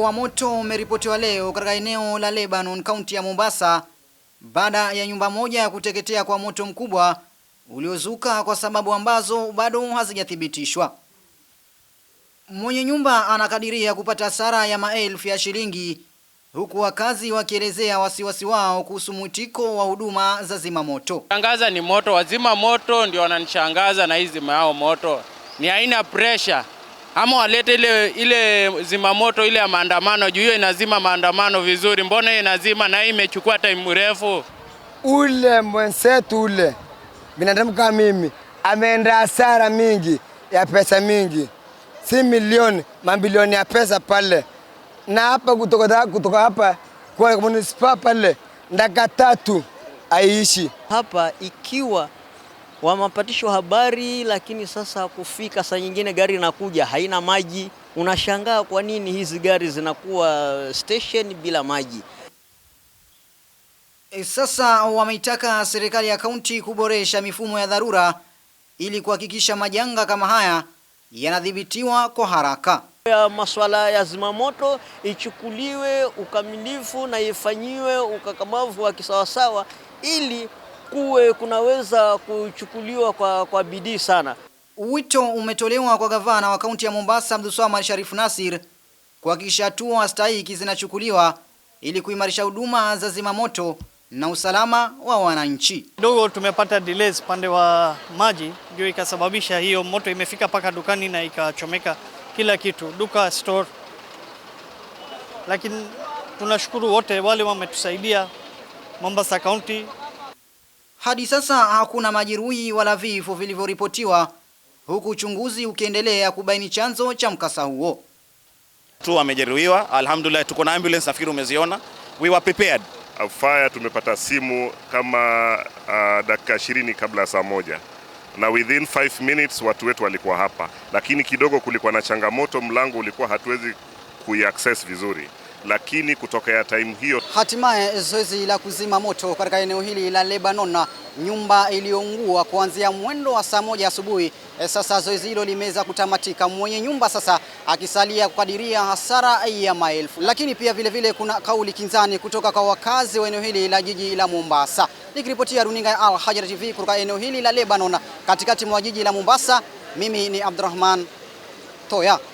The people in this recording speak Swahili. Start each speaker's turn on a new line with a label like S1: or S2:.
S1: wa moto umeripotiwa leo katika eneo la Lebanon, kaunti ya Mombasa, baada ya nyumba moja ya kuteketea kwa moto mkubwa uliozuka kwa sababu ambazo bado hazijathibitishwa. Mwenye nyumba anakadiria kupata hasara ya maelfu ya shilingi, huku wakazi wakielezea wasiwasi wao kuhusu mwitiko wa huduma za zimamoto.
S2: Shangaza ni moto, wazima moto ndio wananishangaza na hii zima yao moto ni aina pressure ama walete ile, ile zimamoto ile ya maandamano juu hiyo inazima maandamano vizuri. Mbona hiyo inazima na hii imechukua time mrefu?
S3: Ule mwenzetu ule binadamu kama mimi ameenda hasara mingi ya pesa mingi, si milioni, mabilioni ya pesa pale na hapa kutoka, kutoka hapa kwa munisipa pale ndaka tatu aishi
S4: hapa ikiwa wa habari, lakini sasa kufika saa nyingine gari inakuja haina maji. Unashangaa kwa nini hizi gari zinakuwa station bila maji.
S1: E, sasa wameitaka serikali ya kaunti kuboresha mifumo ya dharura ili kuhakikisha majanga kama haya yanadhibitiwa kwa haraka.
S4: Ya masuala ya zimamoto ichukuliwe ukamilifu na ifanyiwe ukakamavu wa kisawasawa ili kuwe kunaweza kuchukuliwa kwa, kwa bidii sana.
S1: Wito umetolewa kwa gavana wa kaunti ya Mombasa Abdulswamad Sharifu Nasir kuhakikisha hatua stahiki zinachukuliwa ili kuimarisha huduma za zimamoto na usalama wa wananchi.
S5: Kidogo tumepata delays pande wa maji, ndio ikasababisha hiyo moto imefika mpaka dukani na ikachomeka kila kitu, duka, store. Lakini tunashukuru wote wale wametusaidia Mombasa County
S1: hadi sasa hakuna majeruhi wala vifo vilivyoripotiwa, huku uchunguzi ukiendelea kubaini chanzo cha mkasa huo.
S6: Tu wamejeruhiwa, alhamdulillah, tuko na ambulance, nafikiri umeziona. We were prepared
S7: fire. Tumepata simu kama uh, dakika 20 kabla ya saa moja na within 5 minutes watu wetu walikuwa hapa, lakini kidogo kulikuwa na changamoto, mlango ulikuwa hatuwezi kuiaccess vizuri lakini kutokea taimu hiyo,
S1: hatimaye zoezi la kuzima moto katika eneo hili la Lebanon nyumba iliyoungua kuanzia mwendo wa saa moja asubuhi. Eh, sasa zoezi hilo limeweza kutamatika, mwenye nyumba sasa akisalia kukadiria hasara ya maelfu. Lakini pia vilevile vile kuna kauli kinzani kutoka kwa wakazi wa eneo hili la jiji la Mombasa. Nikiripotia runinga ya Al Hajar TV kutoka eneo hili la Lebanon, katikati mwa jiji la Mombasa, mimi ni Abdurrahman Toya.